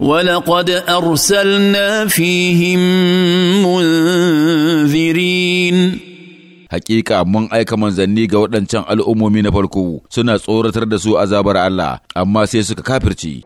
ولقد ارسلنا فيهم منذرين Hakika mun aika manzanni ga waɗancan al'ummomi na farko suna tsoratar da su azabar Allah, amma sai suka kafirci.